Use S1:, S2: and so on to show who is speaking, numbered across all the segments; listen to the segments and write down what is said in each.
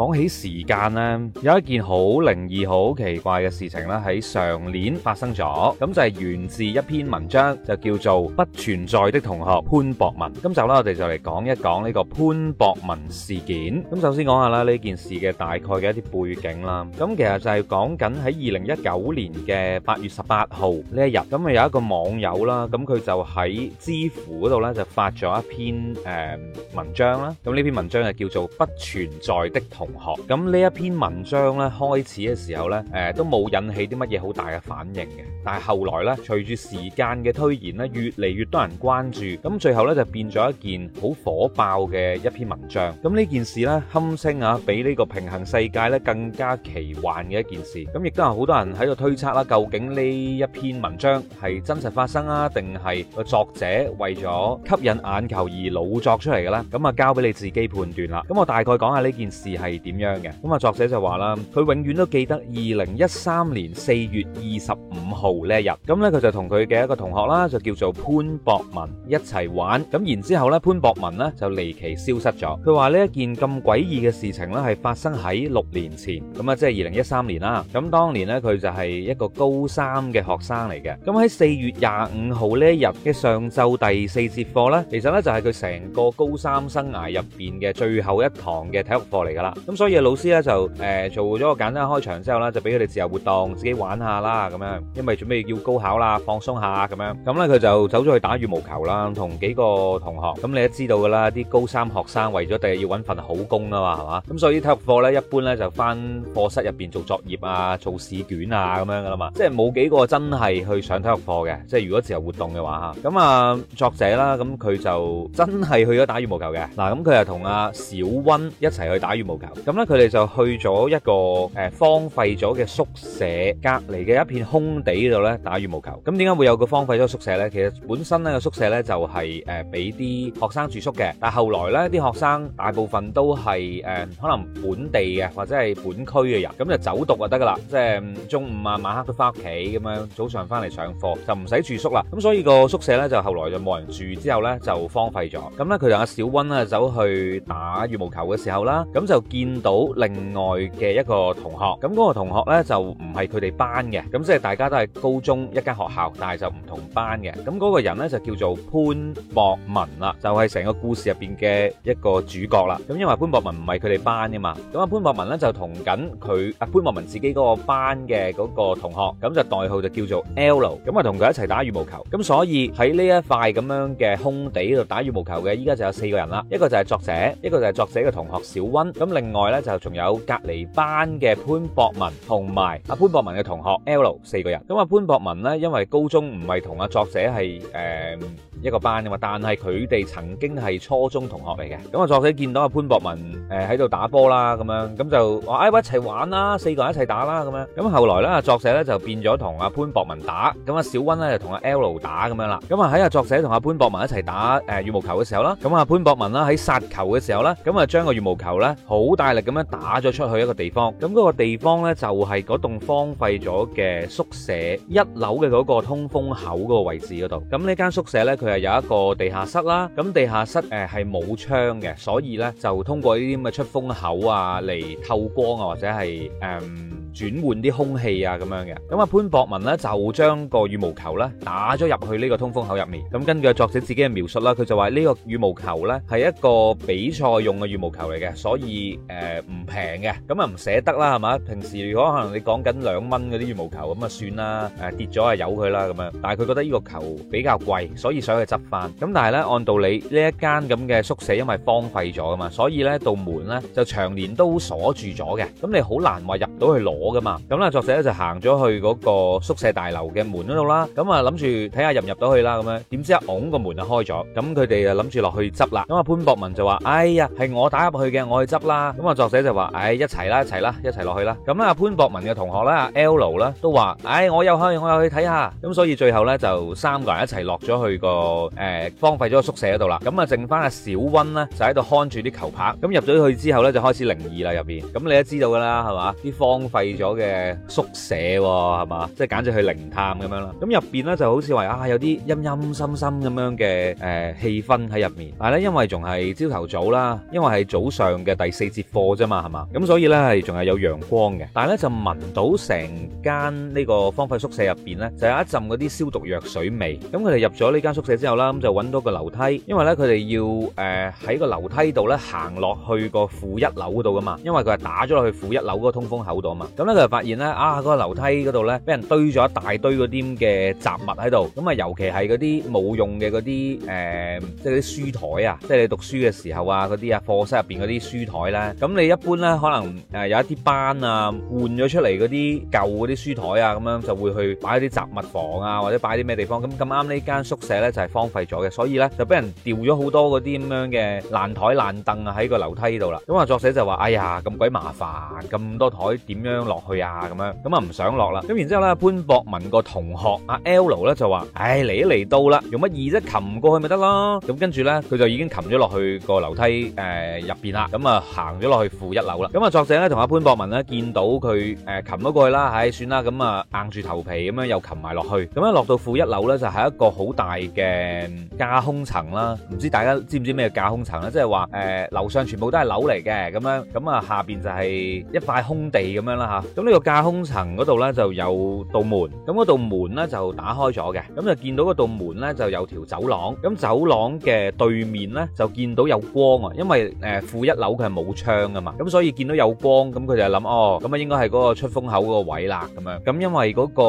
S1: 講起時間咧，有一件好靈異、好奇怪嘅事情咧，喺上年發生咗，咁就係源自一篇文章，就叫做《不存在的同學潘博文》。咁就咧，我哋就嚟講一講呢個潘博文事件。咁首先講下啦，呢件事嘅大概嘅一啲背景啦。咁其實就係講緊喺二零一九年嘅八月十八號呢一日，咁啊有一個網友啦，咁佢就喺知乎嗰度咧就發咗一篇誒文章啦。咁呢篇文章就叫做《不存在的同》。咁呢一篇文章呢，開始嘅時候呢，誒、呃、都冇引起啲乜嘢好大嘅反應嘅。但係後來咧，隨住時間嘅推延呢，越嚟越多人關注，咁最後呢，就變咗一件好火爆嘅一篇文章。咁呢件事呢，堪稱啊，比呢個平行世界呢更加奇幻嘅一件事。咁亦都有好多人喺度推測啦、啊，究竟呢一篇文章係真實發生啊，定係個作者為咗吸引眼球而老作出嚟嘅呢？咁啊，交俾你自己判斷啦。咁我大概講下呢件事係點樣嘅咁啊？作者就話啦，佢永遠都記得二零一三年四月二十五號呢一日。咁咧，佢就同佢嘅一個同學啦，就叫做潘博文一齊玩。咁然之後咧，潘博文咧就離奇消失咗。佢話呢一件咁詭異嘅事情咧，係發生喺六年前。咁啊，即係二零一三年啦。咁當年咧，佢就係一個高三嘅學生嚟嘅。咁喺四月廿五號呢一日嘅上晝第四節課咧，其實咧就係佢成個高三生涯入邊嘅最後一堂嘅體育課嚟㗎啦。咁所以老師咧就誒做咗個簡單開場之後咧，就俾佢哋自由活動，自己玩下啦咁樣，因為準備要高考啦，放鬆下咁樣。咁咧佢就走咗去打羽毛球啦，同幾個同學。咁你都知道噶啦，啲高三學生為咗第日要揾份好工啊嘛，係嘛？咁所以體育課咧一般咧就翻課室入邊做作業啊、做試卷啊咁樣噶啦嘛，即係冇幾個真係去上體育課嘅。即係如果自由活動嘅話嚇，咁啊作者啦，咁佢就真係去咗打羽毛球嘅。嗱，咁佢又同阿小溫一齊去打羽毛球。咁咧，佢哋就去咗一個誒荒廢咗嘅宿舍隔離嘅一片空地度咧打羽毛球。咁點解會有個荒廢咗宿舍咧？其實本身咧個宿舍咧就係誒俾啲學生住宿嘅，但後來咧啲學生大部分都係誒可能本地嘅或者係本區嘅人，咁就走讀就得噶啦，即係中午啊、晚黑都翻屋企咁樣，早上翻嚟上課就唔使住宿啦。咁所以個宿舍咧就後來就冇人住，之後咧就荒廢咗。咁咧佢同阿小温咧走去打羽毛球嘅時候啦，咁就見。見到另外嘅一個同學，咁嗰個同學呢就唔係佢哋班嘅，咁即係大家都係高中一間學校，但係就唔同班嘅。咁嗰個人呢就叫做潘博文啦，就係成個故事入邊嘅一個主角啦。咁因為潘博文唔係佢哋班嘅嘛，咁阿潘博文呢就同緊佢阿潘博文自己嗰個班嘅嗰個同學，咁就代號就叫做 L。咁啊，同佢一齊打羽毛球。咁所以喺呢一塊咁樣嘅空地度打羽毛球嘅，依家就有四個人啦。一個就係作者，一個就係作者嘅同學小温，咁另。另外咧就仲有隔籬班嘅潘博文同埋阿潘博文嘅同學 L 四個人。咁阿潘博文咧因為高中唔係同阿作者係誒一個班噶嘛，但係佢哋曾經係初中同學嚟嘅。咁阿作者見到阿潘博文誒喺度打波啦，咁樣咁就話，哎呀，一齊玩啦，四個人一齊打啦咁樣。咁後來咧阿作者咧就變咗同阿潘博文打，咁阿小温咧就同阿 L 打咁樣啦。咁啊喺阿作者同阿潘博文一齊打誒羽毛球嘅時候啦，咁阿潘博文啦喺殺球嘅時候啦，咁啊將個羽毛球咧好大力咁樣打咗出去一個地方，咁嗰個地方呢，就係嗰棟荒廢咗嘅宿舍一樓嘅嗰個通風口嗰個位置嗰度。咁呢間宿舍呢，佢係有一個地下室啦。咁地下室誒係冇窗嘅，所以呢，就通過呢啲咁嘅出風口啊嚟透光啊，或者係誒。嗯轉換啲空氣啊咁樣嘅，咁啊潘博文咧就將個羽毛球咧打咗入去呢個通風口入面。咁根據作者自己嘅描述啦，佢就話呢個羽毛球咧係一個比賽用嘅羽毛球嚟嘅，所以誒唔平嘅，咁啊唔捨得啦係嘛？平時如果可能你講緊兩蚊嗰啲羽毛球咁啊算啦，誒跌咗啊由佢啦咁樣。但係佢覺得呢個球比較貴，所以想去執返。咁但係咧按道理呢一間咁嘅宿舍因為荒廢咗噶嘛，所以咧道門咧就長年都鎖住咗嘅，咁你好難話入到去攞。我噶嘛，咁啦，作者咧就行咗去嗰個宿舍大樓嘅門嗰度啦，咁啊諗住睇下入唔入到去啦，咁樣，點知一拱個門就開咗，咁佢哋就諗住落去執啦，咁啊潘博文就話：哎呀，係我打入去嘅，我去執啦。咁啊作者就話：唉，一齊啦，一齊啦，一齊落去啦。咁啊，潘博文嘅同學啦，L 佬啦，都話：唉，我又去，我又去睇下。咁所以最後咧就三個人一齊落咗去個誒荒廢咗個宿舍嗰度啦，咁啊剩翻阿小温咧就喺度看住啲球拍。咁入咗去之後咧就開始靈異啦入邊，咁你都知道噶啦，係嘛啲荒廢。咗嘅宿舍喎，係嘛？即係簡直去靈探咁樣啦。咁入邊咧就好似話啊，有啲陰陰森森咁樣嘅誒氣氛喺入面。但係咧，因為仲係朝頭早啦，因為係早上嘅第四節課啫嘛，係嘛？咁所以咧係仲係有陽光嘅。但係咧就聞到成間呢個荒廢宿舍入邊咧，就有一陣嗰啲消毒藥水味。咁佢哋入咗呢間宿舍之後啦，咁就揾到個樓梯，因為咧佢哋要誒喺個樓梯度咧行落去個負一樓嗰度噶嘛，因為佢係打咗落去負一樓嗰個通風口度啊嘛。咁咧佢就發現咧啊，嗰個樓梯嗰度咧俾人堆咗一大堆嗰啲嘅雜物喺度。咁啊，尤其係嗰啲冇用嘅嗰啲誒，即係啲書台啊，即係你讀書嘅時候啊嗰啲啊，課室入邊嗰啲書台咧。咁你一般咧可能誒有一啲班啊換咗出嚟嗰啲舊嗰啲書台啊，咁樣就會去擺啲雜物房啊，或者擺啲咩地方。咁咁啱呢間宿舍咧就係荒廢咗嘅，所以咧就俾人掉咗好多嗰啲咁樣嘅爛台爛凳啊喺個樓梯度啦。咁啊，作者就話：哎呀，咁鬼麻煩，咁多台點樣落去啊，咁樣咁啊唔想落啦，咁然之後咧潘博文個同學阿 Loo 咧就話，唉嚟都嚟到啦，用乜二啫？擒過去咪得咯。咁跟住咧，佢就已經擒咗落去個樓梯誒入邊啦。咁啊行咗落去負一樓啦。咁啊作者咧同阿潘博文咧見到佢誒擒咗過去啦，唉算啦，咁啊硬住頭皮咁樣又擒埋落去。咁樣落到負一樓咧就係一個好大嘅架空層啦。唔知大家知唔知咩架空層咧？即係話誒樓上全部都係樓嚟嘅，咁樣咁啊下邊就係一塊空地咁樣啦吓。咁呢個架空層嗰度呢就有道門，咁嗰道門呢就打開咗嘅，咁就見到嗰道門呢就有條走廊，咁走廊嘅對面呢就見到有光啊，因為誒負一樓佢係冇窗噶嘛，咁所以見到有光，咁佢就諗哦，咁啊應該係嗰個出風口個位啦，咁樣，咁因為嗰個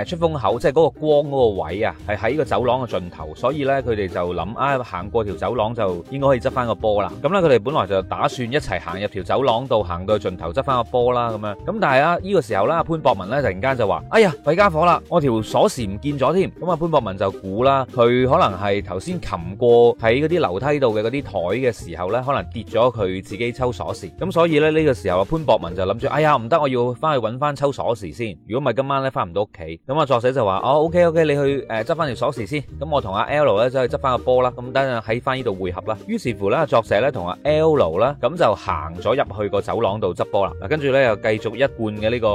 S1: 誒出風口即係嗰個光嗰個位啊，係喺個走廊嘅盡頭，所以呢佢哋就諗啊行過條走廊就應該可以執翻個波啦，咁呢佢哋本來就打算一齊行入條走廊度行到盡頭執翻個波啦，咁樣，咁。但係啊，呢個時候啦，潘博文咧突然間就話：，哎呀，弊家伙啦，我條鎖匙唔見咗添。咁啊，潘博文就估啦，佢可能係頭先擒過喺嗰啲樓梯度嘅嗰啲台嘅時候咧，可能跌咗佢自己抽鎖匙。咁所以咧呢個時候啊，潘博文就諗住：，哎呀，唔得，我要翻去搵翻抽鎖匙先。如果唔係今晚咧翻唔到屋企。咁啊，作者就話：，哦，OK，OK，你去誒執翻條鎖匙先。咁我同阿 L 咧就去執翻個波啦。咁等陣喺翻呢度會合啦。於是乎咧，作者咧同阿 L 咧咁就行咗入去個走廊度執波啦。嗱，跟住咧又繼續一。慣嘅呢個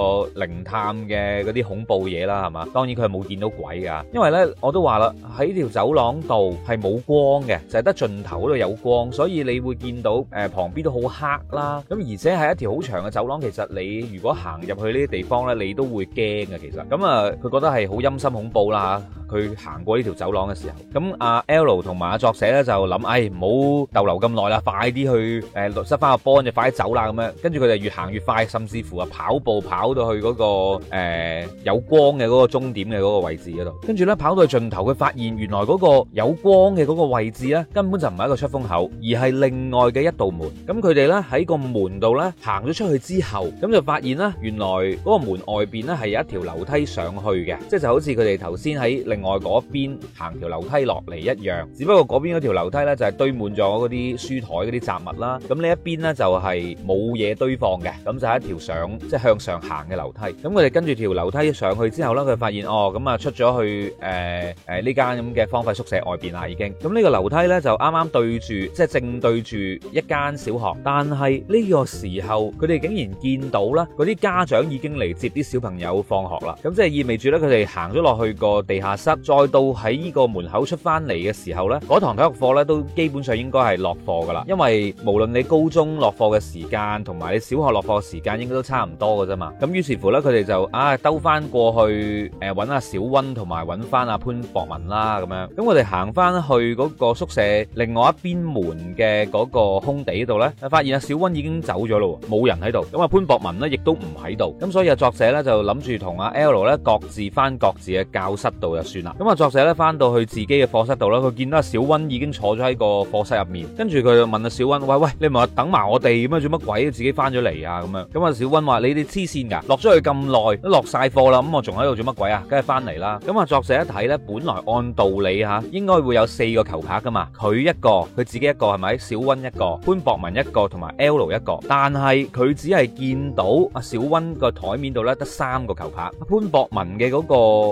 S1: 靈探嘅嗰啲恐怖嘢啦，係嘛？當然佢係冇見到鬼㗎，因為咧我都話啦，喺條走廊度係冇光嘅，就係得盡頭嗰度有光，所以你會見到誒旁邊都好黑啦。咁而且係一條好長嘅走廊，其實你如果行入去呢啲地方咧，你都會驚嘅。其實咁啊，佢覺得係好陰森恐怖啦。佢行過呢條走廊嘅時候，咁阿 L 同埋阿作者咧就諗：，哎，唔好逗留咁耐啦，快啲去誒塞翻個波就快啲走啦。咁樣跟住佢就越行越快，甚至乎啊排。跑步跑到去嗰、那個誒、呃、有光嘅嗰個終點嘅嗰個位置嗰度，跟住呢跑到盡去盡頭，佢發現原來嗰個有光嘅嗰個位置呢，根本就唔係一個出風口，而係另外嘅一道門。咁佢哋呢喺個門度呢行咗出去之後，咁就發現呢原來嗰個門外邊呢係有一條樓梯上去嘅，即係就好似佢哋頭先喺另外嗰邊行條樓梯落嚟一樣。只不過嗰邊嗰條樓梯呢，就係、是、堆滿咗嗰啲書台嗰啲雜物啦，咁呢一邊呢，就係冇嘢堆放嘅，咁就係一條上。即係向上行嘅樓梯，咁佢哋跟住條樓梯上去之後咧，佢發現哦，咁啊出咗去誒誒呢間咁嘅荒廢宿舍外邊啦，已經。咁呢個樓梯咧就啱啱對住，即係正對住一間小學。但係呢個時候，佢哋竟然見到咧嗰啲家長已經嚟接啲小朋友放學啦。咁即係意味住咧，佢哋行咗落去個地下室，再到喺呢個門口出翻嚟嘅時候咧，嗰堂體育課咧都基本上應該係落課㗎啦。因為無論你高中落課嘅時間同埋你小學落課時間，應該都差唔多嘅啫嘛，咁於是乎咧，佢哋就啊兜翻過去誒，搵、呃、阿小溫同埋搵翻阿潘博文啦，咁樣，咁我哋行翻去嗰個宿舍另外一邊門嘅嗰個空地度咧，發現阿小溫已經走咗咯，冇人喺度，咁阿潘博文咧亦都唔喺度，咁、啊、所以作者咧就諗住同阿 L 咧各自翻各自嘅教室度就算啦。咁啊，作者咧翻到去自己嘅課室度啦，佢見到阿小溫已經坐咗喺個課室入面，跟住佢就問阿小溫：喂喂，你咪話等埋我哋咁啊？做乜鬼自己翻咗嚟啊？咁樣，咁阿小溫話。你哋黐線噶，落咗去咁耐，落晒貨啦，咁、嗯、我仲喺度做乜鬼啊？梗係翻嚟啦。咁、嗯、啊，作者一睇咧，本來按道理吓，應該會有四個球拍噶嘛，佢一個，佢自己一個，係咪？小温一個，潘博文一個，同埋 Lulu 一個。但係佢只係見到阿小温個台面度咧得三個球拍，潘博文嘅嗰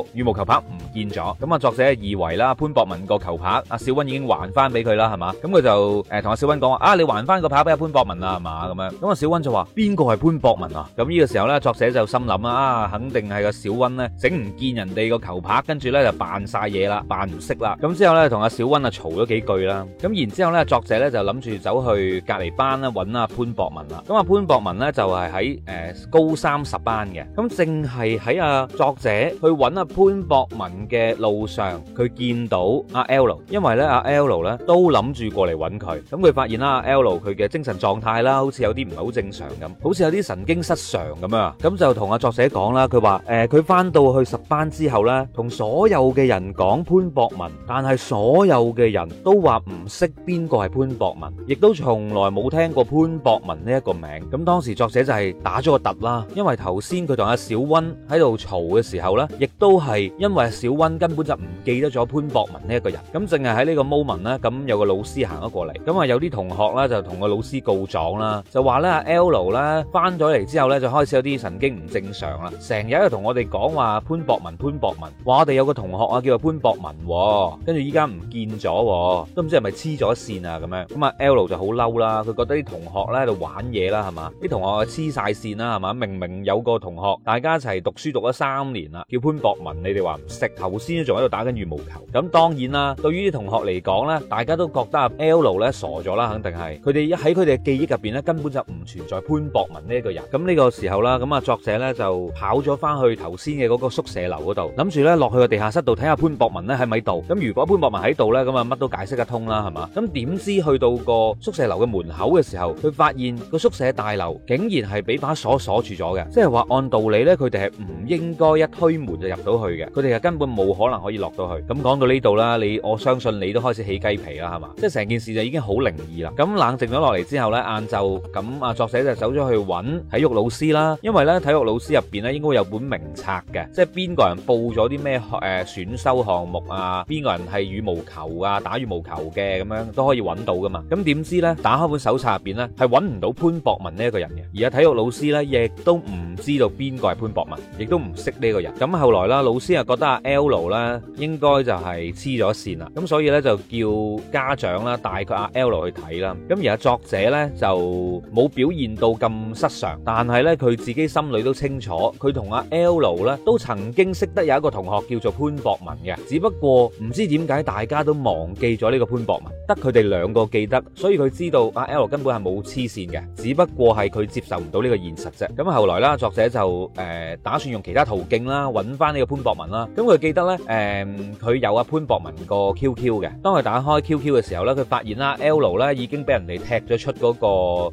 S1: 個羽毛球拍唔見咗。咁、嗯、啊，作者以為啦，潘博文個球拍，阿小温已經還翻俾佢啦，係嘛？咁佢就誒同阿小温講話啊，你還翻個拍俾阿潘博文啦，係嘛？咁樣，咁、嗯、阿小温就話邊個係潘博文啊？咁呢個時候咧，作者就心諗啊，肯定係個小温咧整唔見人哋個球拍，跟住咧就扮晒嘢啦，扮唔識啦。咁之後咧，同阿小温啊嘈咗幾句啦。咁然之後咧，作者咧就諗住走去隔離班啦，揾阿、啊、潘博文啦。咁阿潘博文咧就係喺誒高三十班嘅。咁正係喺阿作者去揾阿、啊、潘博文嘅路上，佢見到阿、啊、L，因為咧阿 L 咧都諗住過嚟揾佢。咁佢發現啦 e l 佢嘅精神狀態啦，好似有啲唔係好正常咁，好似有啲神經失神。常咁啊，咁就同阿作者講啦，佢話誒，佢、呃、翻到去十班之後咧，同所有嘅人講潘博文，但係所有嘅人都話唔識邊個係潘博文，亦都從來冇聽過潘博文呢一個名。咁當時作者就係打咗個突啦，因為頭先佢同阿小溫喺度嘈嘅時候咧，亦都係因為小溫根本就唔記得咗潘博文呢一個人。咁淨係喺呢個 moment 咧，咁有個老師行咗過嚟，咁啊有啲同學咧就同個老師告狀啦，就話咧阿 Lulu 咧翻咗嚟之後咧。就開始有啲神經唔正常啦，成日都同我哋講話潘博文潘博文，話我哋有個同學啊叫潘博文喎，跟住依家唔見咗，都唔知係咪黐咗線啊咁樣。咁啊 L 就好嬲啦，佢覺得啲同學咧喺度玩嘢啦，係嘛？啲同學黐晒線啦，係嘛？明明有個同學，大家一齊讀書讀咗三年啦，叫潘博文，你哋話唔識，頭先都仲喺度打緊羽毛球。咁當然啦，對於啲同學嚟講咧，大家都覺得啊 L 咧傻咗啦，肯定係。佢哋一喺佢哋嘅記憶入邊咧，根本就唔存在潘博文呢一個人。咁呢個時候啦，咁啊作者咧就跑咗翻去頭先嘅嗰個宿舍樓嗰度，諗住咧落去個地下室度睇下潘博文咧喺咪度。咁如果潘博文喺度咧，咁啊乜都解釋得通啦，係嘛？咁點知去到個宿舍樓嘅門口嘅時候，佢發現個宿舍大樓竟然係俾把鎖鎖住咗嘅，即係話按道理咧，佢哋係唔應該一推門就入到去嘅，佢哋係根本冇可能可以落到去。咁講到呢度啦，你我相信你都開始起雞皮啦，係嘛？即係成件事就已經好靈異啦。咁冷靜咗落嚟之後咧，晏晝咁啊作者就走咗去揾體育老師。知啦，因為咧體育老師入邊咧應該會有本名冊嘅，即係邊個人報咗啲咩誒選修項目啊？邊個人係羽毛球啊，打羽毛球嘅咁樣都可以揾到㗎嘛。咁點知咧打開本手冊入邊咧係揾唔到潘博文呢一個人嘅，而啊體育老師咧亦都唔知道邊個係潘博文，亦都唔識呢個人。咁後來啦，老師又覺得阿 Lulu 咧應該就係黐咗線啦，咁所以咧就叫家長啦帶佢阿 Lulu 去睇啦。咁而家作者咧就冇表現到咁失常，但係，咧佢自己心裏都清楚，佢同阿 L 咧都曾經識得有一個同學叫做潘博文嘅，只不過唔知點解大家都忘記咗呢個潘博文，得佢哋兩個記得，所以佢知道阿 L 根本係冇黐線嘅，只不過係佢接受唔到呢個現實啫。咁後來啦，作者就誒打算用其他途徑啦，揾翻呢個潘博文啦。咁佢記得咧，誒佢有阿潘博文個 QQ 嘅，當佢打開 QQ 嘅時候咧，佢發現啦，L 咧已經俾人哋踢咗出嗰個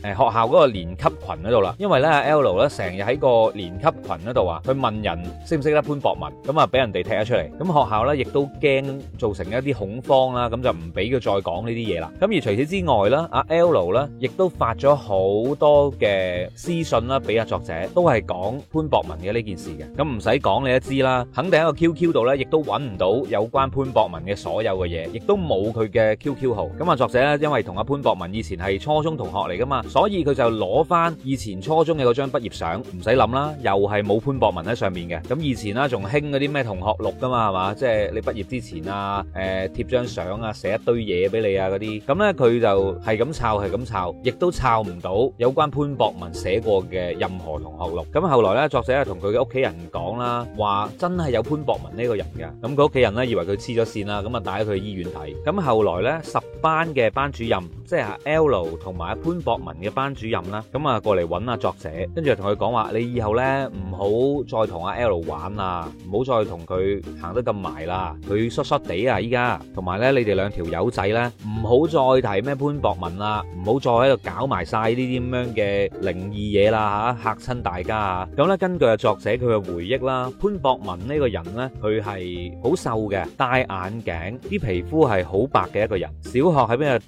S1: 誒學校嗰個年級群嗰度啦，因為咧 L。L 咧成日喺個年級群嗰度啊去問人識唔識得潘博文咁啊，俾人哋踢咗出嚟。咁學校咧亦都驚造成一啲恐慌啦，咁就唔俾佢再講呢啲嘢啦。咁而除此之外咧，阿 L 咧亦都發咗好多嘅私信啦俾阿作者,都係講潘博文嘅呢件事嘅。咁唔使講你都知啦，肯定喺個 QQ 度咧亦都揾唔到有關潘博文嘅所有嘅嘢，亦都冇佢嘅 QQ 號。咁啊作者咧因為同阿潘博文以前係初中同學嚟噶嘛，所以佢就攞翻以前初中嘅嗰張。畢業相唔使諗啦，又係冇潘博文喺上面嘅。咁以前啦，仲興嗰啲咩同學錄噶嘛，係嘛？即係你畢業之前啊，誒，貼張相啊，寫一堆嘢俾你啊嗰啲。咁咧，佢就係咁抄，係咁抄，亦都抄唔到有關潘博文寫過嘅任何同學錄。咁後來咧，作者啊同佢嘅屋企人講啦，話真係有潘博文呢個人嘅。咁佢屋企人咧以為佢黐咗線啦，咁啊帶咗佢去醫院睇。咁後來咧，十班嘅班主任，即係阿 L 同埋阿潘博文嘅班主任啦，咁啊過嚟搵下作者。跟住就同佢講話：你以後咧唔好再同阿 L 玩啊，唔好再同佢行得咁埋啦。佢疏疏地啊，依家。同埋咧，你哋兩條友仔咧，唔好再提咩潘博文啦，唔好再喺度搞埋曬呢啲咁樣嘅靈異嘢啦嚇，嚇親大家啊！咁咧，根據啊作者佢嘅回憶啦，潘博文呢個人咧，佢係好瘦嘅，戴眼鏡，啲皮膚係好白嘅一個人。小學喺邊度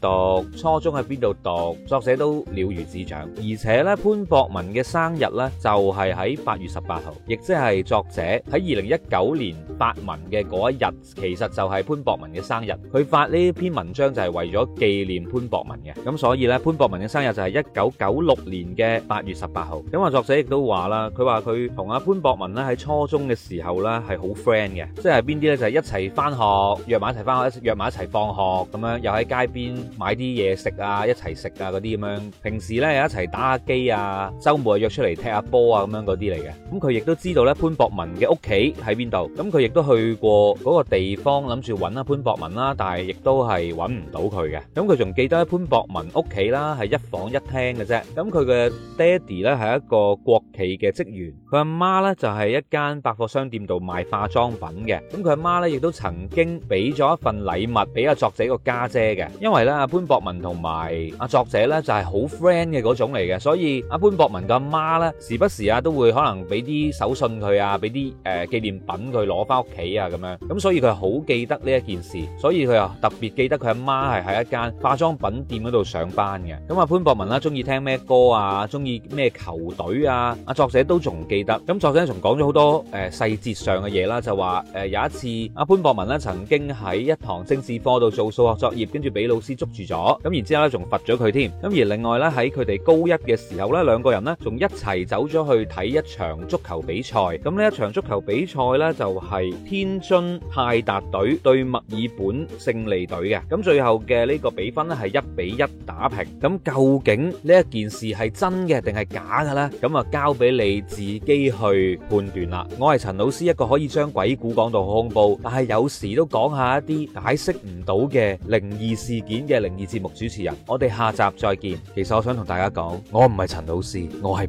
S1: 讀，初中喺邊度讀，作者都了如指掌。而且咧，潘博文嘅生生日咧就係喺八月十八號，亦即係作者喺二零一九年發文嘅嗰一日，其實就係潘博文嘅生日。佢發呢篇文章就係為咗紀念潘博文嘅。咁所以咧，潘博文嘅生日就係一九九六年嘅八月十八號。咁啊，作者亦都話啦，佢話佢同阿潘博文咧喺初中嘅時候咧係好 friend 嘅，即係邊啲咧就係、是、一齊翻學，約埋一齊翻學，約埋一齊放學咁樣，又喺街邊買啲嘢食啊，一齊食啊嗰啲咁樣。平時咧又一齊打下機啊，周末約，約。出嚟踢下波啊咁樣嗰啲嚟嘅。咁佢亦都知道咧潘博文嘅屋企喺邊度，咁佢亦都去過嗰個地方諗住揾阿潘博文啦，但係亦都係揾唔到佢嘅。咁佢仲記得阿潘博文屋企啦，係一房一廳嘅啫。咁佢嘅爹哋咧係一個國企嘅職員，佢阿媽呢，就係一間百貨商店度賣化妝品嘅。咁佢阿媽呢，亦都曾經俾咗一份禮物俾阿作者個家姐嘅，因為呢，阿潘博文同埋阿作者呢，就係好 friend 嘅嗰種嚟嘅，所以阿潘博文嘅阿媽。媽啦，時不時啊都會可能俾啲手信佢啊，俾啲誒紀念品佢攞翻屋企啊咁樣。咁所以佢好記得呢一件事，所以佢又特別記得佢阿媽係喺一間化妝品店嗰度上班嘅。咁啊潘博文啦，中意聽咩歌啊，中意咩球隊啊，阿作者都仲記得。咁作者仲講咗好多誒細節上嘅嘢啦，就話誒有一次阿潘博文咧曾經喺一堂政治課度做數學作業，跟住俾老師捉住咗，咁然之後咧仲罰咗佢添。咁而另外咧喺佢哋高一嘅時候咧，兩個人咧仲一齊走咗去睇一場足球比賽，咁呢一場足球比賽呢，就係天津泰達隊對墨爾本勝利隊嘅，咁最後嘅呢個比分呢，係一比一打平，咁究竟呢一件事係真嘅定係假嘅呢？咁啊交俾你自己去判斷啦。我係陳老師，一個可以將鬼故講到好恐怖，但係有時都講下一啲解釋唔到嘅靈異事件嘅靈異節目主持人。我哋下集再見。其實我想同大家講，我唔係陳老師，我係。